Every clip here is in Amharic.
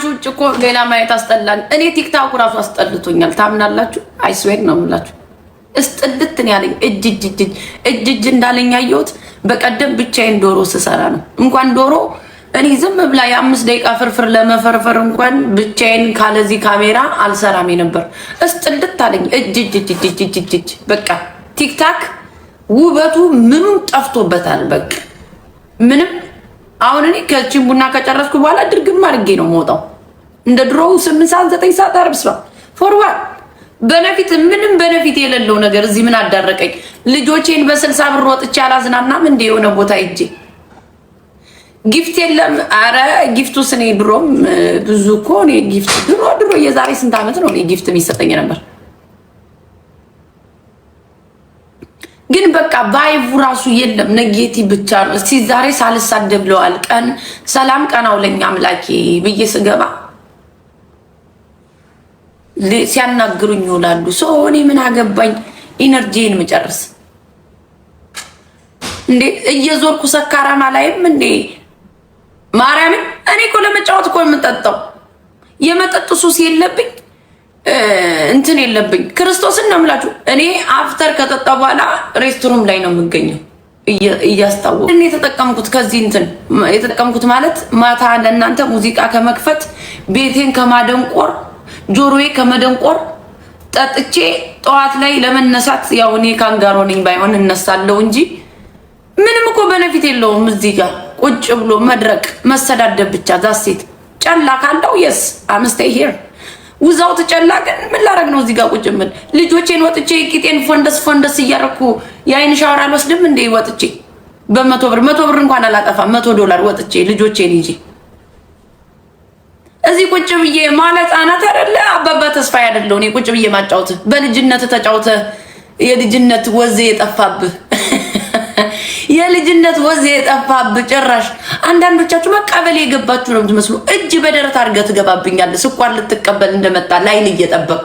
ከአንቺ ውጭ እኮ ሌላ ማየት አስጠላን። እኔ ቲክታኩ ራሱ አስጠልቶኛል። ታምናላችሁ? አይስዌድ ነው የምላችሁ። እስጥልት ነው ያለኝ። እጅ እጅ እጅ እጅ እጅ እንዳለኝ ያየሁት በቀደም ብቻዬን ዶሮ ስሰራ ነው። እንኳን ዶሮ እኔ ዝም ብላ የአምስት ደቂቃ ፍርፍር ለመፈርፈር እንኳን ብቻዬን ካለዚህ ካሜራ አልሰራም ነበር። እስጥልት አለኝ። እጅ እጅ እጅ እጅ እጅ እጅ በቃ ቲክታክ ውበቱ ምኑም ጠፍቶበታል። በቃ ምንም አሁን እኔ ከቺን ቡና ከጨረስኩ በኋላ ድርግም አድርጌ ነው መውጣው። እንደ ድሮው ስምንት ሰዓት ዘጠኝ ሰዓት አረብስባ በነፊት ምንም በነፊት የሌለው ነገር እዚህ ምን አዳረቀኝ? ልጆቼን በስልሳ ብር ወጥቼ አላዝናናም እንደ የሆነ ቦታ ሂጄ ጊፍት የለም። አረ ጊፍቱ እኔ ድሮም ብዙ እኮ እኔ ጊፍት ድሮ ድሮ የዛሬ ስንት ዓመት ነው እኔ ጊፍት የሚሰጠኝ ነበር። ግን በቃ ባይቡ ራሱ የለም ነጌቲ ብቻ ነው። እስቲ ዛሬ ሳልሳደብ ለዋል ቀን ሰላም ቀናው ለኛ አምላኬ ብዬ ስገባ ሲያናግሩኝ ይውላሉ። ሰው እኔ ምን አገባኝ? ኢነርጂን ምጨርስ እንዴ? እየዞርኩ ሰካራማ ላይም እንዴ? ማርያምን እኔ እኮ ለመጫወት እኮ የምጠጣው የመጠጥ ሱስ የለብኝ እንትን የለብኝ። ክርስቶስን ነው የምላችሁ። እኔ አፍተር ከጠጣ በኋላ ሬስትሩም ላይ ነው የምገኘው እያስታወቁ እኔ የተጠቀምኩት ከዚህ እንትን የተጠቀምኩት ማለት ማታ ለእናንተ ሙዚቃ ከመክፈት ቤቴን ከማደንቆር ጆሮዬ ከመደንቆር ጠጥቼ ጠዋት ላይ ለመነሳት ያው እኔ ካንጋሮ ነኝ ባይሆን እነሳለሁ እንጂ ምንም እኮ በነፊት የለውም። እዚህ ጋር ቁጭ ብሎ መድረቅ መሰዳደብ ብቻ ዛሴት ጨላ ካለው የስ አምስቴ ሄር ውዛውት ተጨላ ግን ምን ላረግ ነው እዚህ ጋር ቁጭ ምን ልጆቼን ወጥቼ ቂጤን ፎንደስ ፎንደስ እያረኩ የአይን ሻወር አልወስድም እንዴ? ወጥቼ በመቶ ብር መቶ ብር እንኳን አላጠፋም። መቶ ዶላር ወጥቼ ልጆቼን ይዤ እዚህ ቁጭ ብዬ ማለት አናት አይደለ አባባ ተስፋ ያደለው እኔ ቁጭ ብዬ ማጫወት በልጅነት ተጫውተ የልጅነት ወዜ የጠፋብህ የልጅነት ወዜ የጠፋብህ ጭራሽ አንዳንዶቻችሁ መቀበል የገባችሁ ነው የምትመስሉ። እጅ በደረት አድርገህ ትገባብኛለህ። ስኳር ልትቀበል እንደመጣ ላይን እየጠበቅ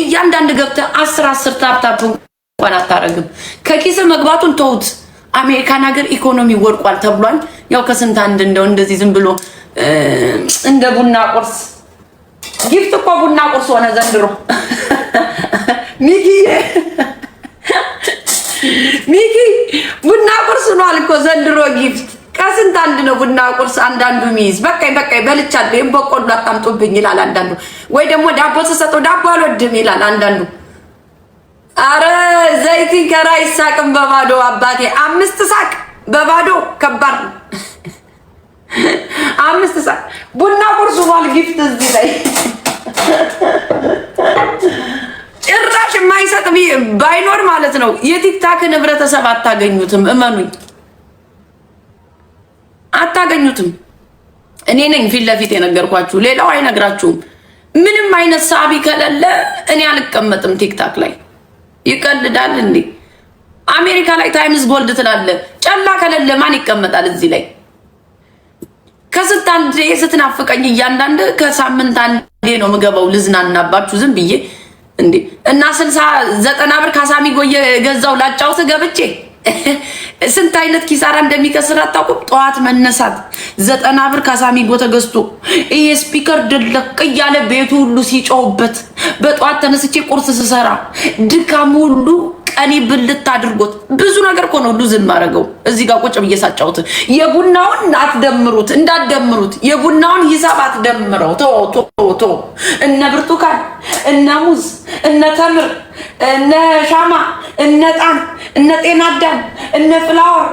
እያንዳንድ ገብተህ አስር አስር ታፕታፕ እንኳን አታረግም። ከኪስ መግባቱን ተውት። አሜሪካን ሀገር ኢኮኖሚ ወድቋል ተብሏል። ያው ከስንት አንድ እንደው እንደዚህ ዝም ብሎ እንደ ቡና ቁርስ ጊፍት እኮ ቡና ቁርስ ሆነ ዘንድሮ። ሚኪ ሚኪ ቡና ቁርስ ሆኗል እኮ ዘንድሮ ጊፍት ከስንት አንድ ነው ቡና ቁርስ። አንዳንዱ ሚይዝ በቃኝ በቃኝ በልቻለሁ፣ ይህም በቆሎ አታምጡብኝ ይላል አንዳንዱ። ወይ ደግሞ ዳቦ ተሰጠው ዳቦ አልወድም ይላል አንዳንዱ። አረ ዘይቲን ከራይ ሳቅም በባዶ አባቴ አምስት ሳቅ በባዶ ከባድ ነው። አምስት ሰዓት ቡና ቁርስ ሆኗል። ጊፍት እዚህ ላይ ጭራሽ የማይሰጥ ባይኖር ማለት ነው። የቲክታክን ህብረተሰብ አታገኙትም፣ እመኑኝ አታገኙትም። እኔ ነኝ ፊት ለፊት የነገርኳችሁ፣ ሌላው አይነግራችሁም። ምንም አይነት ሳቢ ከሌለ እኔ አልቀመጥም ቲክታክ ላይ። ይቀልዳል እንዴ! አሜሪካ ላይ ታይምስ ጎልድ ትላለ። ጨላ ከሌለ ማን ይቀመጣል እዚህ ላይ? ከስንት አንዴ ስትናፍቀኝ እያንዳንድ ከሳምንት አንዴ ነው ምገባው ልዝናናባችሁ ዝም ብዬ እንዴ እና ስልሳ ዘጠና ብር ካሳሚ ጎየ ገዛው ላጫውት ገብቼ ስንት አይነት ኪሳራ እንደሚከስር አታውቁም። ጠዋት መነሳት ዘጠና ብር ካሳሚጎ ተገዝቶ ይሄ ስፒከር ድለቅ እያለ ቤቱ ሁሉ ሲጮውበት በጠዋት ተነስቼ ቁርስ ስሰራ ድካም ሁሉ ቀኒ ብልት አድርጎት ብዙ ነገር እኮ ነው ሉዝን ማድረገው። እዚህ ጋር ቁጭ ብዬ ሳጫውት የቡናውን አትደምሩት፣ እንዳትደምሩት የቡናውን ሂሳብ አትደምረው። ቶ ቶ ቶ እነ ብርቱካን እነ ሙዝ እነ ተምር እነ ሻማ እነ ጣን እነ ጤና እነ ፍላወር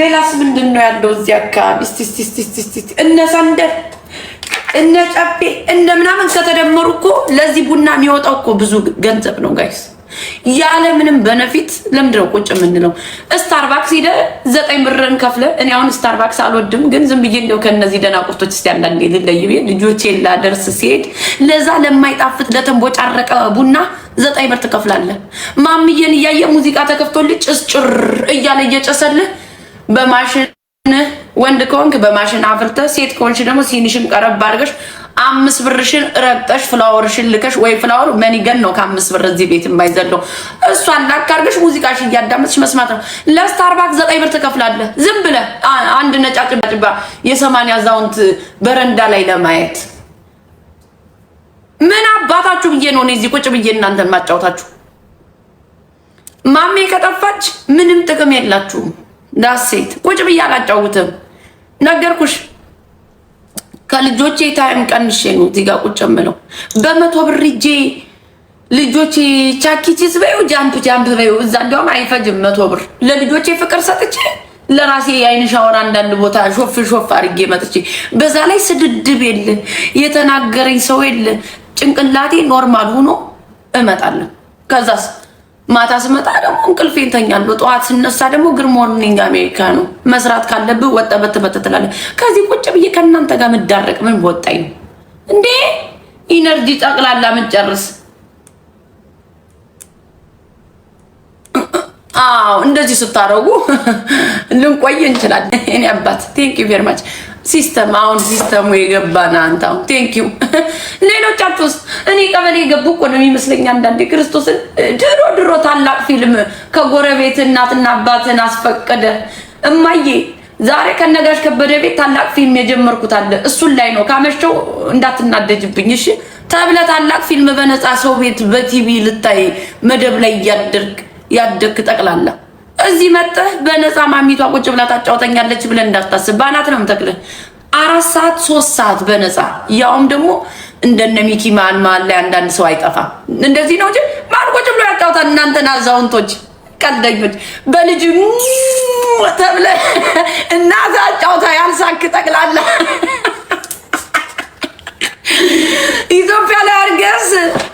ሌላስ ምንድን ነው ያለው እዚህ አካባቢ? ስስስስስስ እነ ሰንደል እነ ጨፌ እንደምናምን ከተደመሩ እኮ ለዚህ ቡና የሚወጣው እኮ ብዙ ገንዘብ ነው ጋይስ። ያለ ምንም በነፊት ለምንድን ነው ቁጭ የምንለው? ስታርባክስ ሂደ ዘጠኝ ብርን ከፍለ እኔ አሁን ስታርባክስ አልወድም፣ ግን ዝም ብዬ እንደው ከእነዚህ ደናቁርቶች ስ አንዳንዴ ልለይ ብዬ ላደርስ ሲሄድ ለዛ ለማይጣፍጥ ለተንቦጫረቀ ቡና ዘጠኝ ብር ትከፍላለህ። ማምዬን እያየ ሙዚቃ ተከፍቶልህ ጭስጭር እያለ እየጨሰልህ በማሽንህ ወንድ ከሆንክ በማሽን አፍርተ ሴት ከሆንሽ ደግሞ ሲኒሽን ቀረብ አድርገሽ አምስት ብርሽን ረግጠሽ ፍላወርሽን ልከሽ ወይ ፍላወር መኒገን ነው ከአምስት ብር እዚህ ቤት የማይዘለው እሷን ላክ ሙዚቃሽን ሙዚቃሽ እያዳመጥሽ መስማት ነው። ለስታርባክ ዘጠኝ ብር ትከፍላለህ። ዝም ብለህ አንድ ነጫጭባጭባ የሰማንያ አዛውንት በረንዳ ላይ ለማየት ምን አባታችሁ ብዬ ነው እኔ እዚህ ቁጭ ብዬ እናንተን ማጫወታችሁ። ማሜ ከጠፋች ምንም ጥቅም የላችሁም። ዳሴት ቁጭ ብዬ አላጫውትም። ነገርኩሽ። ከልጆቼ ታይም ቀንሼ ነው እዚህ ጋር ቁጭ የምለው። በመቶ ብር ሂጄ ልጆቼ ቻኪቺስ በይው፣ ጃምፕ ጃምፕ በይው። እዛ እንዲያውም አይፈጅም መቶ ብር ለልጆቼ ፍቅር ሰጥቼ ለራሴ የአይን ሻወር አንዳንድ ቦታ ሾፍ ሾፍ አድርጌ መጥቼ፣ በዛ ላይ ስድድብ የለ የተናገረኝ ሰው የለ። ጭንቅላቴ ኖርማል ሆኖ እመጣለሁ ከዛስ ማታ ስመጣ ደግሞ እንቅልፍ ይተኛሉ። ጠዋት ስነሳ ደግሞ ግድ ሞርኒንግ አሜሪካ ነው። መስራት ካለብህ ወጣ በተበት ትላለህ። ከዚህ ቁጭ ብዬ ከእናንተ ጋር መዳረቅ ምን ወጣኝ እንዴ? ኢነርጂ ጠቅላላ ምጨርስ። አዎ እንደዚህ ስታረጉ ልንቆይ እንችላለን። እኔ አባት ቴንክ ዩ ቬሪ ማች ሲስተም አሁን ሲስተሙ የገባን አንተ አሁን ቴንክ ዩ ሌሎቻችሁ እኔ ቀበሌ የገቡ እኮ ነው የሚመስለኝ አንዳንዴ ክርስቶስን ድሮ ድሮ ታላቅ ፊልም ከጎረቤት እናትና አባትን አስፈቀደ እማዬ ዛሬ ከነጋሽ ከበደ ቤት ታላቅ ፊልም የጀመርኩት አለ እሱን ላይ ነው ካመሸው እንዳትናደጅብኝ እሺ ተብለ ታላቅ ፊልም በነፃ ሰው ቤት በቲቪ ልታይ መደብ ላይ ያደርግ ያደርክ ጠቅላላ እዚህ መጥተህ በነፃ ማሚቷ ቁጭ ብላ ታጫውተኛለች ብለን እንዳታስብ። ባናት ነው የምተክልህ አራት ሰዓት ሶስት ሰዓት በነፃ ያውም ደግሞ እንደነ ሚኪ ማን ማል ላይ አንዳንድ ሰው አይጠፋም። እንደዚህ ነው እንጂ ማን ቁጭ ብሎ ያጫውታል? እናንተን አዛውንቶች ቀልደኞች በልጅ ተብለ እና ዛጫውታ ያንሳክ ጠቅላላ ኢትዮጵያ ላይ አርገስ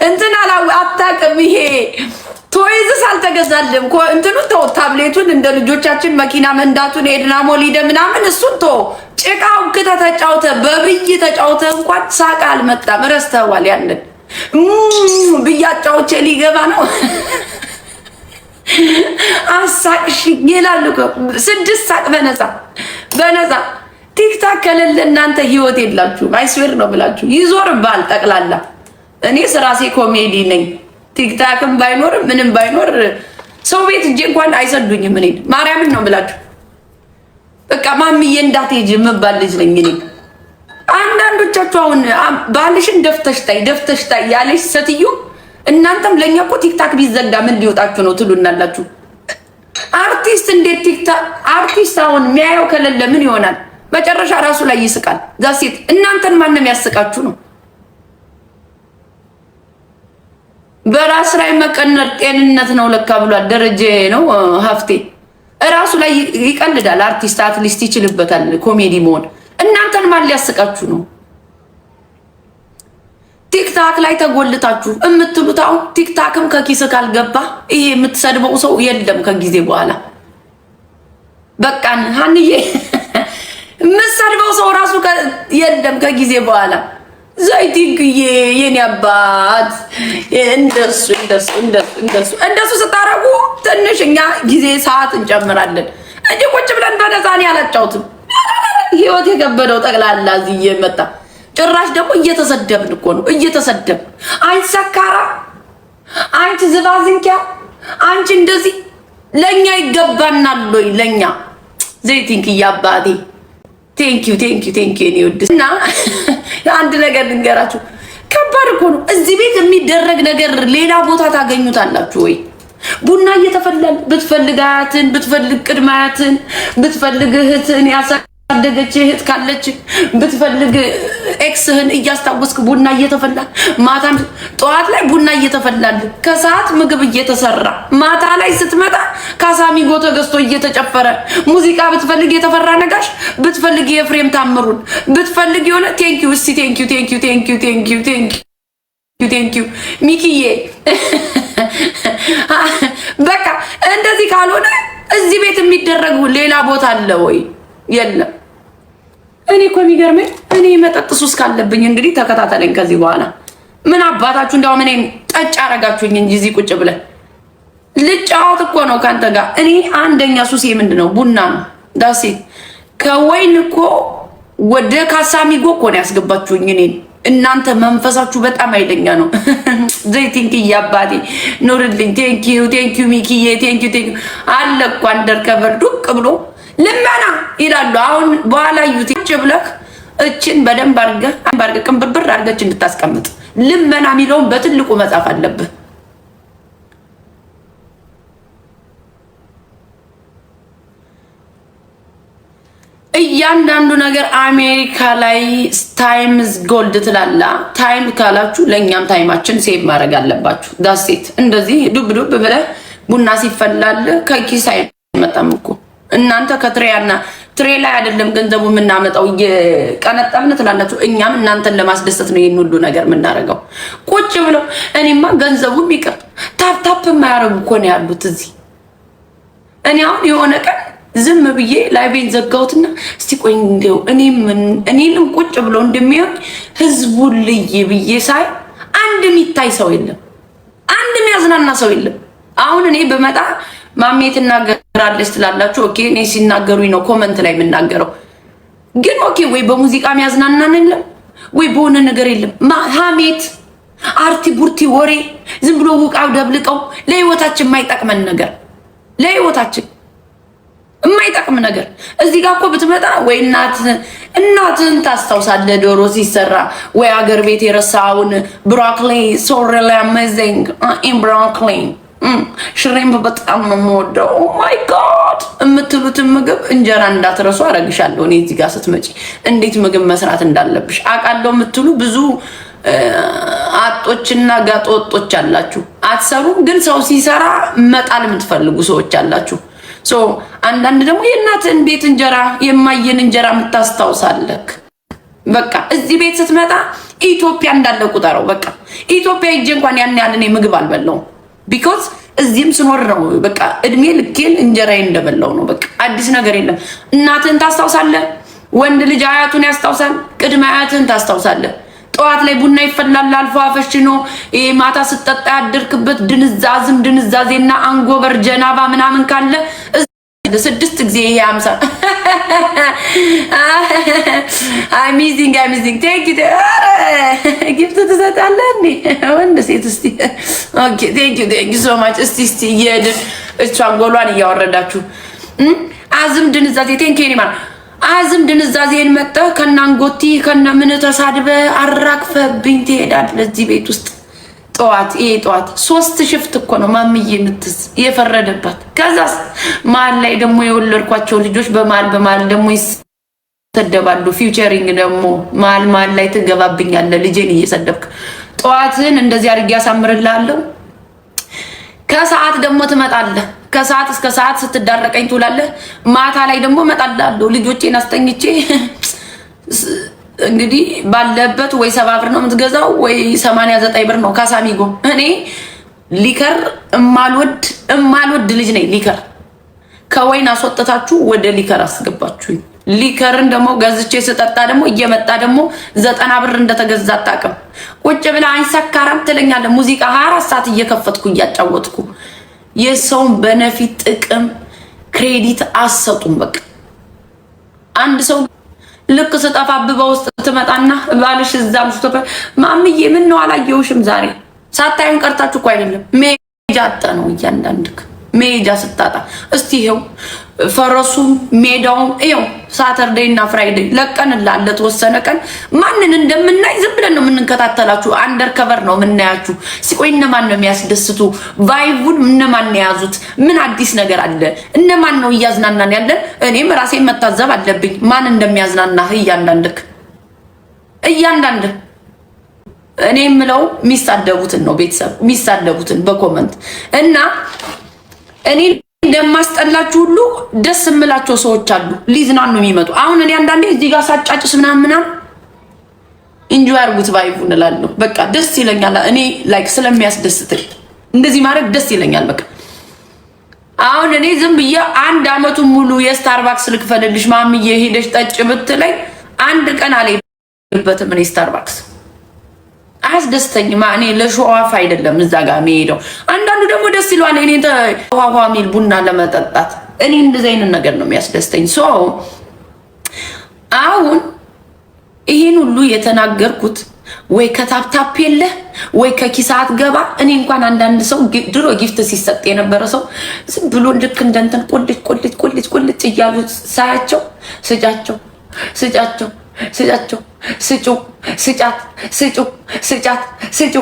እንትን አላው አታውቅም። ይሄ ቶይዝስ አልተገዛልም። እንትኑ ተው፣ ታብሌቱን እንደ ልጆቻችን መኪና መንዳቱን ሄድና ሊደ ምናምን እሱን ቶ ጭቃው ክተ ተጫውተ በብይ ተጫውተ እንኳን ሳቅ አልመጣም። ረስተዋል። ያንን ብያጫውቼ ሊገባ ነው አሳቅሽ ይላሉ። ስድስት ሳቅ በነፃ በነፃ ቲክታክ ከሌለ እናንተ ህይወት የላችሁ አይስዌር ነው ብላችሁ ባል ጠቅላላ። እኔ ስራሴ ኮሜዲ ነኝ። ቲክታክም ባይኖር ምንም ባይኖር ሰው ቤት እጄ እንኳን አይሰዱኝም። እኔ ማርያምን ነው ብላችሁ በቃ ማምዬ እንዳትሄጂ የምባል ልጅ ነኝ እኔ። አንዳንዶቻችሁ አሁን ባልሽን ደፍተሽ ታይ ደፍተሽ ታይ ያለሽ ሴትዮ እናንተም ለእኛ እኮ ቲክታክ ቢዘጋ ምን ሊወጣችሁ ነው ትሉናላችሁ። አርቲስት እንዴት ቲክታክ አርቲስት አሁን የሚያየው ከሌለ ምን ይሆናል? መጨረሻ ራሱ ላይ ይስቃል። ዛሴት እናንተን ማንም ያስቃችሁ ነው። በራስ ላይ መቀነር ጤንነት ነው ለካ ብሏል ደረጀ ነው ሀፍቴ። ራሱ ላይ ይቀልዳል። አርቲስት አትሊስት ይችልበታል ኮሜዲ መሆን። እናንተን ማን ሊያስቃችሁ ነው? ቲክታክ ላይ ተጎልታችሁ የምትሉት አሁን ቲክታክም ከኪስ ካልገባ ይሄ የምትሰድበው ሰው የለም ከጊዜ በኋላ በቃን ሀንዬ የምትሰድበው ሰው ራሱ የለም። ከጊዜ በኋላ ዘይቲንክዬ የኔ አባት እንደሱ እንደሱ እንደሱ እንደሱ ስታረጉ ትንሽ እኛ ጊዜ ሰዓት እንጨምራለን እንጂ ቁጭ ብለን በነፃኔ ያላጫውትም ህይወት የከበደው ጠቅላላ እዚህ መጣ ጭራሽ ደግሞ እየተሰደብን እኮ ነው። እየተሰደብ አንቺ ሰካራ፣ አንቺ ዝባዝንኪያ፣ አንቺ እንደዚህ ለእኛ ይገባናል ወይ? ለእኛ ዘይቲንክዬ አባቴ ቴንኪዩ ቴንኪዩ ቴንኪዩ እኔ ውድ እና አንድ ነገር ልንገራችሁ፣ ከባድ እኮ ነው። እዚህ ቤት የሚደረግ ነገር ሌላ ቦታ ታገኙታላችሁ ወይ? ቡና እየተፈላል ብትፈልጋትን ብትፈልግ ቅድማያትን ብትፈልግ እህትን ያሳ ያሳደገች እህት ካለች ብትፈልግ ኤክስህን እያስታወስክ ቡና እየተፈላ ማታም ጠዋት ላይ ቡና እየተፈላል፣ ከሰዓት ምግብ እየተሰራ ማታ ላይ ስትመጣ ካሳሚጎ ተገዝቶ እየተጨፈረ ሙዚቃ ብትፈልግ የተፈራ ነጋሽ ብትፈልግ የፍሬም ታምሩን ብትፈልግ የሆነ ቴንኪዩ እስቲ ቴንኪዩ ቴንኪዩ ቴንኪዩ ቴንኪዩ ቴንኪዩ ቴንኪዩ ሚኪዬ፣ በቃ እንደዚህ ካልሆነ እዚህ ቤት የሚደረጉ ሌላ ቦታ አለ ወይ? የለም። እኔ እኮ የሚገርመኝ እኔ መጠጥ ሱስ ካለብኝ እንግዲህ ተከታተለኝ ከዚህ በኋላ ምን አባታችሁ እንዳውም እኔን ጠጭ አረጋችሁኝ እንጂ እዚህ ቁጭ ብለን ልጫወት እኮ ነው ከአንተ ጋር። እኔ አንደኛ ሱሴ ምንድን ነው? ቡና ነው ዳሴ። ከወይን እኮ ወደ ካሳሚጎ እኮ ነው ያስገባችሁኝ እኔን። እናንተ መንፈሳችሁ በጣም አይለኛ ነው። ዘይ ቴንኪ አባቴ ኑርልኝ። ቴንኪዩ ቴንኪዩ ሚኪዬ ቴንኪዩ ቴንኪዩ አለ እኮ አንደር ከበር ዱቅ ብሎ ልመና ይላሉ። አሁን በኋላ ዩቲ ጭ ብለህ እችን በደንብ አድርገህ አንድ አድርገህ ቅንብርብር አድርገህ እንድታስቀምጥ ልመና የሚለውን በትልቁ መጻፍ አለብህ። እያንዳንዱ ነገር አሜሪካ ላይ ታይምስ ጎልድ ትላላ። ታይም ካላችሁ ለእኛም ታይማችን ሴቭ ማድረግ አለባችሁ። ዳሴት እንደዚህ ዱብ ዱብ ብለህ ቡና ሲፈላል ከኪስ አይመጣም እኮ እናንተ ከትሬያና ትሬ ላይ አይደለም ገንዘቡ የምናመጣው እየቀነጠብን ትላላችሁ። እኛም እናንተን ለማስደሰት ነው ይህን ሁሉ ነገር የምናደርገው። ቁጭ ብለው እኔማ ገንዘቡም ይቅር ታፕታፕ የማያደርጉ እኮ ነው ያሉት እዚህ። እኔ አሁን የሆነ ቀን ዝም ብዬ ላይቤን ዘጋሁትና እስቲ ቆይ እንዲያው እኔንም ቁጭ ብለው እንደሚሆን ህዝቡን ልይ ብዬ ሳይ አንድ የሚታይ ሰው የለም፣ አንድ የሚያዝናና ሰው የለም። አሁን እኔ በመጣ ማሜትና ራለች ትላላችሁ። ኦኬ እኔ ሲናገሩኝ ነው ኮመንት ላይ የምናገረው። ግን ኦኬ ወይ በሙዚቃ የሚያዝናናን የለም ወይ በሆነ ነገር የለም። ሀሜት፣ አርቲ ቡርቲ ወሬ ዝም ብሎ ውቃው ደብልቀው ለህይወታችን የማይጠቅመን ነገር ለህይወታችን የማይጠቅም ነገር እዚህ ጋር እኮ ብትመጣ ወይ እናት እናትን ታስታውሳለ ዶሮ ሲሰራ ወይ አገር ቤት የረሳውን ብሮኮሊ ሶ ሪላሜዚንግ ኢን ብሮክሊን ሽሬም በጣም ነው የምወደው። ኦ ማይ ጋድ የምትሉትን ምግብ እንጀራ እንዳትረሱ አረግሻለሁ። እኔ እዚህ ጋር ስትመጪ እንዴት ምግብ መስራት እንዳለብሽ አውቃለሁ የምትሉ ብዙ አጦችና ጋጠ ወጦች አላችሁ። አትሰሩም ግን ሰው ሲሰራ መጣል የምትፈልጉ ሰዎች አላችሁ። አንዳንድ ደግሞ የእናትህን ቤት እንጀራ የማየን እንጀራ የምታስታውሳለክ። በቃ እዚህ ቤት ስትመጣ ኢትዮጵያ እንዳለ ቁጠረው። በቃ ኢትዮጵያ ሂጄ እንኳን ያን ያህል እኔ ምግብ አልበላውም። ቢኮዝ እዚህም ስኖር ነው በቃ እድሜ ልኬን እንጀራዬ እንደበላው ነው። በቃ አዲስ ነገር የለም። እናትህን ታስታውሳለህ። ወንድ ልጅ አያቱን ያስታውሳል። ቅድመ አያትህን ታስታውሳለህ። ጠዋት ላይ ቡና ይፈላል። አልፎ አፈሽኖ ማታ ስጠጣ ያደርክበት ድንዛዝም ድንዛዜና አንጎበር ጀናባ ምናምን ካለ ስድስት ጊዜ ይሄ ሀምሳ አሚዚንግ አሚዚንግ ቴንክ ዩ ጊፍት ትሰጣለህ እንዴ? ወንድ ሴት እስቲ ኦኬ ቴንክ ዩ ቴንክ ዩ ሶ ማች። እስቲ እስቲ እየሄድን እሷን ጎሏን እያወረዳችሁ አዝም ድንዛዜ ቴንክ ዩ ማለት አዝም ድንዛዜን መጠህ ከናንጎቲ ከናምን ተሳድበህ አራግፈብኝ ትሄዳለህ እዚህ ቤት ውስጥ ጠዋት ይሄ ጠዋት ሶስት ሽፍት እኮ ነው ማምዬ የምትዝ የፈረደባት። ከዛ መሀል ላይ ደግሞ የወለድኳቸው ልጆች በመሀል በመሀል ደግሞ ይሰደባሉ። ፊውቸሪንግ ደግሞ መሀል መሀል ላይ ትገባብኛለህ። ልጄን እየሰደብክ ጠዋትን እንደዚህ አድርጌ ያሳምርልሃለሁ። ከሰዓት ደግሞ ትመጣለህ። ከሰዓት እስከ ሰዓት ስትዳረቀኝ ትውላለህ። ማታ ላይ ደግሞ እመጣልሃለሁ ልጆቼን አስተኝቼ እንግዲህ ባለበት ወይ ሰባ ብር ነው የምትገዛው ወይ ሰማንያ ዘጠኝ ብር ነው ካሳሚጎ። እኔ ሊከር እማልወድ እማልወድ ልጅ ነኝ። ሊከር ከወይን አስወጥታችሁ ወደ ሊከር አስገባችሁኝ። ሊከርን ደግሞ ገዝቼ ስጠጣ ደግሞ እየመጣ ደግሞ ዘጠና ብር እንደተገዛ አጣቅም። ቁጭ ብላ አይሰካራም ትለኛለህ። ሙዚቃ ሀያ አራት ሰዓት እየከፈትኩ እያጫወትኩ የሰውን በነፊት ጥቅም ክሬዲት አሰጡም። በቃ አንድ ሰው ልክ ስጠፋ አበባ ውስጥ ትመጣና ባልሽ እዛም ስቶፈ ማምዬ ምን ነው አላየውሽም ዛሬ ሳታይን ቀርታችሁ እኮ አይደለም ሜጃ ነው እያንዳንድክ መሄጃ ስታጣ እስቲ ይኸው ፈረሱም ሜዳውም ይኸው ሳተርዴይ እና ፍራይዴይ ለቀንላል ለተወሰነ ቀን ማንን እንደምናይ ዝም ብለን ነው የምንከታተላችሁ። አንደር ከቨር ነው የምናያችሁ። ሲቆይ እነማን ነው የሚያስደስቱ? ቫይቡን እነማን የያዙት? ምን አዲስ ነገር አለ? እነማን ነው እያዝናናን ያለን? እኔም ራሴን መታዘብ አለብኝ። ማን እንደሚያዝናናህ እያንዳንድክ እያንዳንድክ እኔ የምለው የሚሳደቡትን ነው ቤተሰብ የሚሳደቡትን በኮመንት እና እኔ እንደማስጠላችሁ ሁሉ ደስ የምላቸው ሰዎች አሉ። ሊዝናኑ የሚመጡ አሁን እኔ አንዳንዴ እዚህ ጋር ሳጫጭስ ምናምን ምናምን እንጂ ያርጉት ባይቡ እንላለሁ። በቃ ደስ ይለኛል። እኔ ላይክ ስለሚያስደስትል እንደዚህ ማድረግ ደስ ይለኛል። በቃ አሁን እኔ ዝም ብዬ አንድ አመቱን ሙሉ የስታርባክስ ልክፈልልሽ ማምዬ ሄደሽ ጠጭ ብትለኝ አንድ ቀን አልሄድበትም እኔ ስታርባክስ አያስደስተኝም። እኔ ለሸዋፍ አይደለም እዛ ጋር የሚሄደው። አንዳንዱ ደግሞ ደስ ይሏል እኔ ተዋዋ ሚል ቡና ለመጠጣት እኔ እንደዚ አይነት ነገር ነው የሚያስደስተኝ። ሶ አሁን ይህን ሁሉ የተናገርኩት ወይ ከታፕታፕ የለ ወይ ከኪሳት ገባ። እኔ እንኳን አንዳንድ ሰው ድሮ ጊፍት ሲሰጥ የነበረ ሰው ዝም ብሎ ልክ እንደ እንትን ቁልጭ ቁልጭ ቁልጭ ቁልጭ እያሉ ሳያቸው ስጫቸው ስጫቸው ስጫቸው ስጩ ስጫት ስጩ ስጫት ስጩ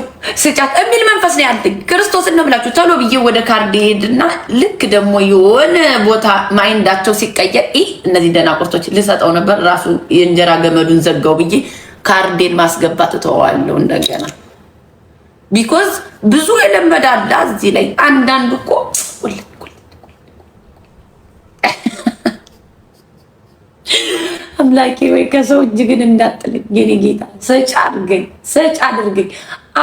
ስጫት የሚል መንፈስ ነው ያለኝ። ክርስቶስን ነው ብላችሁ ቶሎ ብዬ ወደ ካርድ ሄድና ልክ ደግሞ የሆነ ቦታ ማይንዳቸው ሲቀየር ይህ እነዚህ ደናቁርቶች ልሰጠው ነበር ራሱ የእንጀራ ገመዱን ዘጋው ብዬ ካርዴን ማስገባት እተዋለሁ እንደገና። ቢኮዝ ብዙ የለመዳላ እዚህ ላይ አንዳንዱ እኮ አምላኬ ወይ ከሰው እጅ ግን እንዳጥልኝ የኔ ጌታ ሰጭ አድርገኝ፣ ሰጭ አድርገኝ።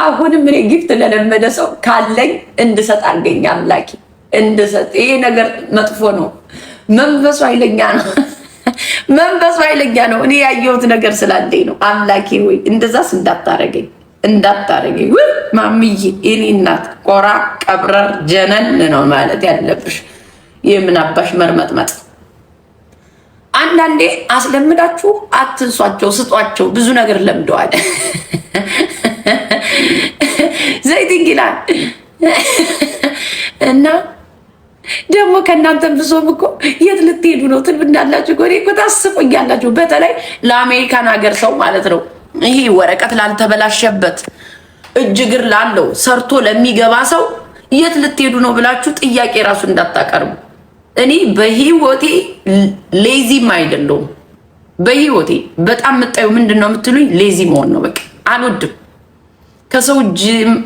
አሁንም እኔ ጊፍት ለለመደ ሰው ካለኝ እንድሰጥ አድርገኝ አምላኬ፣ እንድሰጥ። ይሄ ነገር መጥፎ ነው። መንፈሱ ኃይለኛ ነው። መንፈሱ ኃይለኛ ነው። እኔ ያየሁት ነገር ስላለኝ ነው። አምላኬ ወይ እንደዛስ እንዳታረገኝ፣ እንዳታረገኝ። ውይ ማምዬ፣ እኔ እናት ቆራ ቀብረር ጀነን ነው ማለት ያለብሽ። የምን አባሽ መርመጥመጥ አንዳንዴ አስለምዳችሁ አትንሷቸው፣ ስጧቸው። ብዙ ነገር ለምደዋል። ዘይቲንግ ይላል እና ደግሞ ከእናንተን ብሶም እኮ የት ልትሄዱ ነው? ትልብ እንዳላችሁ ጎኔ እኮ ታስቁኛላችሁ። በተለይ ለአሜሪካን ሀገር ሰው ማለት ነው። ይሄ ወረቀት ላልተበላሸበት እጅ እግር ላለው ሰርቶ ለሚገባ ሰው የት ልትሄዱ ነው ብላችሁ ጥያቄ ራሱ እንዳታቀርቡ። እኔ በህይወቴ ሌዚም አይደለውም። በህይወቴ በጣም የምታዩ ምንድን ነው የምትሉኝ? ሌዚ መሆን ነው። በቃ አልወድም። ከሰው እጅ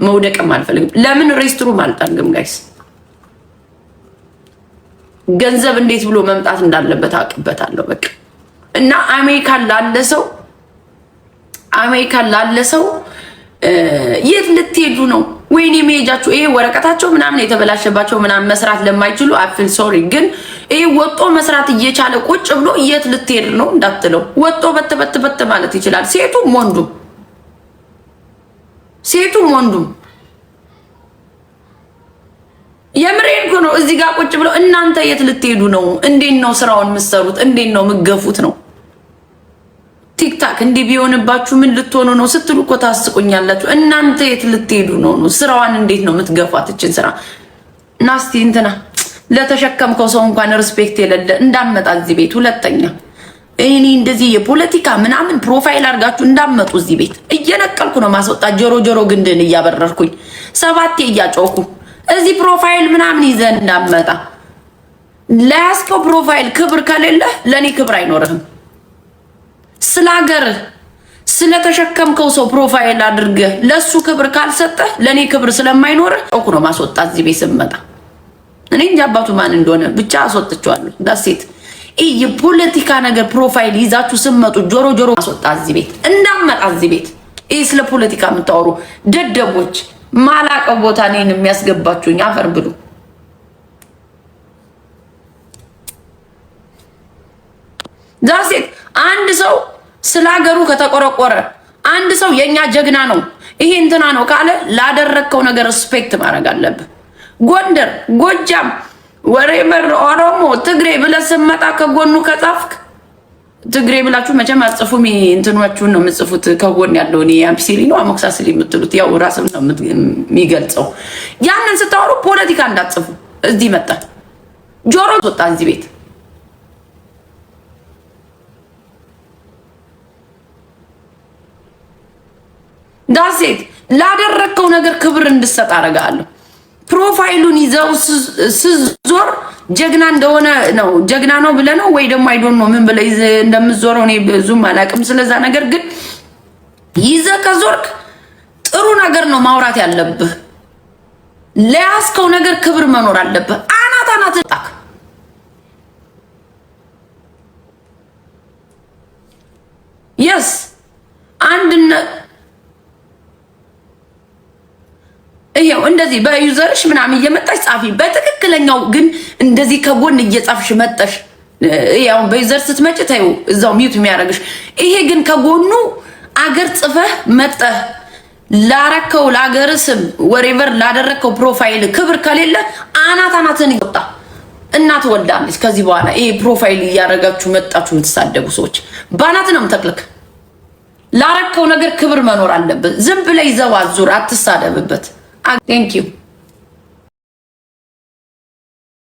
መውደቅም አልፈልግም። ለምን ሬስትሩም አልጠርግም ጋይስ። ገንዘብ እንዴት ብሎ መምጣት እንዳለበት አውቅበታለሁ። በቃ እና አሜሪካን ላለ ሰው አሜሪካን ላለ ሰው የት ልትሄዱ ነው? ወይኔ መሄጃችሁ ይሄ ወረቀታቸው ምናምን የተበላሸባቸው ምናምን መስራት ለማይችሉ አፍል ሶሪ። ግን ይሄ ወጦ መስራት እየቻለ ቁጭ ብሎ የት ልትሄድ ነው እንዳትለው። ወጦ በትበትበት ማለት ይችላል። ሴቱም ወንዱም ሴቱም ወንዱም የምሬን እኮ ነው። እዚህ ጋር ቁጭ ብሎ እናንተ የት ልትሄዱ ነው? እንዴት ነው ስራውን የምትሰሩት? እንዴት ነው የምትገፉት ነው ቲክታክ እንዲህ ቢሆንባችሁ ምን ልትሆኑ ነው ስትሉ እኮ ታስቁኛላችሁ። እናንተ የት ልትሄዱ ነው ነው? ስራዋን እንዴት ነው የምትገፋት? እችን ስራ ናስቲ እንትና ለተሸከምከው ሰው እንኳን ሪስፔክት የሌለ እንዳመጣ እዚህ ቤት ሁለተኛ እኔ እንደዚህ የፖለቲካ ምናምን ፕሮፋይል አድርጋችሁ እንዳመጡ እዚህ ቤት እየነቀልኩ ነው ማስወጣት። ጆሮ ጆሮ ግንድን እያበረርኩኝ ሰባቴ እያጮኩ እዚህ ፕሮፋይል ምናምን ይዘን እንዳመጣ ለያስከው ፕሮፋይል ክብር ከሌለ ለእኔ ክብር አይኖርህም። ስለ ሀገር ስለተሸከምከው ሰው ፕሮፋይል አድርገ ለሱ ክብር ካልሰጠ ለእኔ ክብር ስለማይኖር ጠቁ ነው ማስወጣ እዚህ ቤት ስመጣ እኔ እንጂ አባቱ ማን እንደሆነ ብቻ አስወጥቸዋለሁ። ዳሴት ይህ የፖለቲካ ነገር ፕሮፋይል ይዛችሁ ስመጡ ጆሮ ጆሮ ማስወጣ እዚህ ቤት እንዳመጣ እዚህ ቤት ይህ ስለ ፖለቲካ የምታወሩ ደደቦች ማላቀው ቦታ እኔን የሚያስገባችሁኝ አፈር ብሉ። ዛ ስለ ሀገሩ ከተቆረቆረ አንድ ሰው የእኛ ጀግና ነው ይሄ እንትና ነው ካለ ላደረግከው ነገር ሪስፔክት ማድረግ አለብህ። ጎንደር፣ ጎጃም፣ ወሬበር፣ ኦሮሞ፣ ትግሬ ብለህ ስመጣ ከጎኑ ከጻፍክ ትግሬ ብላችሁ መቼም አትጽፉም። እንትኖቹን ነው የምጽፉት። ከጎን ያለው እኔ አምፒሲሊ ነው አሞክሳስሊ የምትሉት ያው ራስም ነው የሚገልጸው። ያንን ስታወሩ ፖለቲካ እንዳትጽፉ። እዚህ መጣ ጆሮ ወጣ እዚህ ቤት ሴት ላደረግከው ነገር ክብር እንድሰጥ አደርግሃለሁ። ፕሮፋይሉን ይዘው ስዞር ጀግና እንደሆነ ነው ጀግና ነው ብለህ ነው ወይ ደግሞ አይዶን ነው ምን ብለህ እንደምትዞረው እኔ ብዙም አላውቅም ስለዛ ነገር። ግን ይዘህ ከዞርክ ጥሩ ነገር ነው ማውራት ያለብህ። ለያዝከው ነገር ክብር መኖር አለብህ። አናት አናት ጣክ የስ አንድነት ይሄው እንደዚህ በዩዘርሽ ምናምን እየመጣሽ ጻፊ። በትክክለኛው ግን እንደዚህ ከጎን እየጻፍሽ መጠሽ ያው በዩዘር ስትመጪ ታዩ እዛው ሚውት የሚያደርግሽ ይሄ ግን ከጎኑ አገር ጽፈህ መጠህ ላረከው ለአገር ስም ወሬቨር ላደረከው ፕሮፋይል ክብር ከሌለ አናት አናትን ይወጣ እናት ወልዳለች። ከዚህ በኋላ ይሄ ፕሮፋይል እያደረጋችሁ መጣችሁ የምትሳደቡ ሰዎች በአናት ነው የምተክልክ። ላረከው ነገር ክብር መኖር አለበት። ዝም ብለህ ይዘው አዙር፣ አትሳደብበት። Thank you.